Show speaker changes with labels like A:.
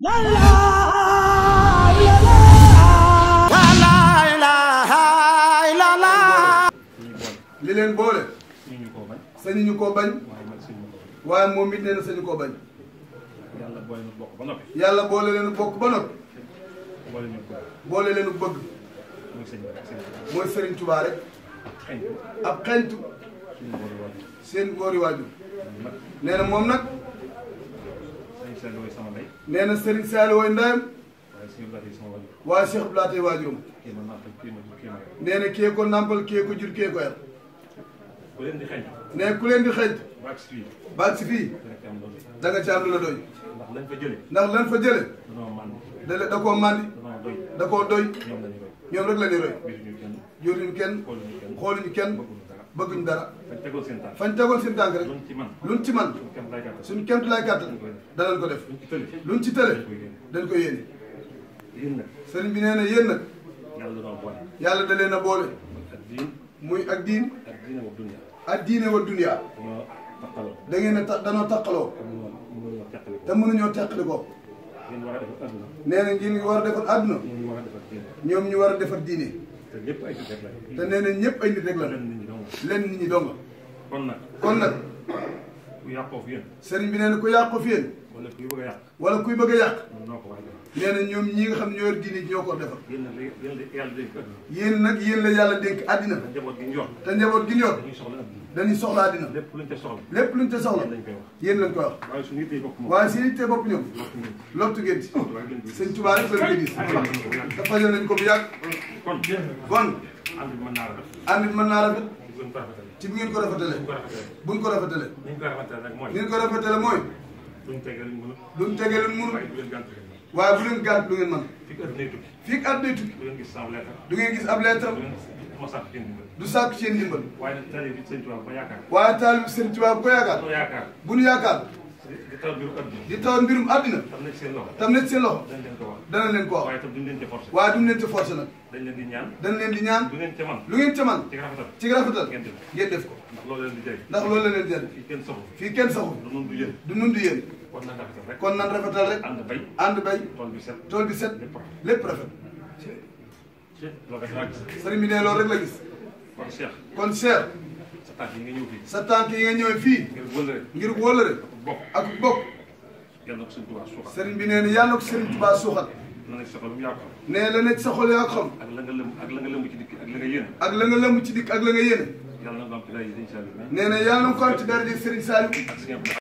A: li leen boole. sañu ñu koo bañ. waaye moom it nee na sañu koo bañ. yàlla boole leen bokk ba noppi. yàlla boole leen bokk ba noppi. boole leen bëgg. mooy Serigne Touba rek. ab xentu. seen góori waajur. nee na moom nag. Saliou way sama ndey nee na Serigne Saliou way ndeyam waaye Cheikh Abdou Lahat waajurum nee na kee ko nàmpal ko jur kee ko yar ku leen di xëy ne ku leen di xëy baag si fii baag si fii da nga ci am la doy ndax lan fa jële ndax lan fa jële da da koo màndi da koo doy ñoom rek la ñuy roy jotuñu kenn xooluñu kenn bëgguñ dara fañ tegoon seen tànk fañ tegoon seen tànk rek luñ ci man luñ ci man suñ kemt lay gàttal danañ ko def luñ ci tële dañ ko yéene sëriñ bi nee na yéen nag yàlla da leen a boole muy ak diin ak diine wa dunia da ngeen a danoo taqaloo te mënuñoo teqali ko nee na ngeen war a defar àdduna ñoom ñu war a defar diine te ñëpp ay nit rek la. te nee na ñëpp ay nit rek la. lenn nit ñi dong. lenn nit ñi dong. kon nag kon nag. ku yàqoo fi yéen sëriñ bi nee na ku yàqoo fi yéen wala kuy bëgg a yàq wala kuy bëgg a ñoom ñi nga xam ne ñoo yor diine ñoo ko defar yéen nag yàlla la yàlla dénk àddina te njaboot gi ñu yor te njaboot gi ñu yor dañuy soxla àddina lépp luñ ca soxla lépp luñ ca soxla yéen lañ koy wax waaye suñu yittee bopp bopp ñoom lottu ngeen ci sëñ Tuubaa rek lañ ko dafa jël nañ ko bu yàgg kon kon ànd naa rafet buñ ko rafetale ci bu ngeen ko rafetale buñ ko rafetale buñ ko rafetale nag mooy. ni ngeen ko rafetale mooy duñ tege luñ mënul duñ tege luñ waaye bu leen gànt lu ngeen mën fii ak at day tukki du ngeen gis ab lettre du ngeen gis ab lettre du sàkk waaye taalibi sëñ tubaab ko yaakaar ko yaakaar bu ñu di taal mbirum àddina di taal mbirum àddina. tam nekk seen loxo tam nekk seen loxo. danañ ko wax danañ leen ko wax. waaye itam di ñaan lu ngeen ci ci man. ci def ko. ndax loolu leen di fii kenn saxul fii kenn saxul. du kon nan rafetal rek kon bay ànd bay. tool bi set ne loolu rek la gis. kon Cheikh tànk yi nga ñëw fii. sa tànk yi nga ñëw fii. ngir wóllare ngir wóllare. ak bokk yàlla ko sëriñ bi nee na yàlla ko sëriñ Tuubaa suuxat. la nekk sa xol yaa ko xam. nee la nekk sa xol yaa ko xam. ak la nga lëmb ak la nga lëmb ci dikk ak la nga yéene. ak la ci dikk ak na ko am ci daara ji sëriñ Saliou. nee na yàlla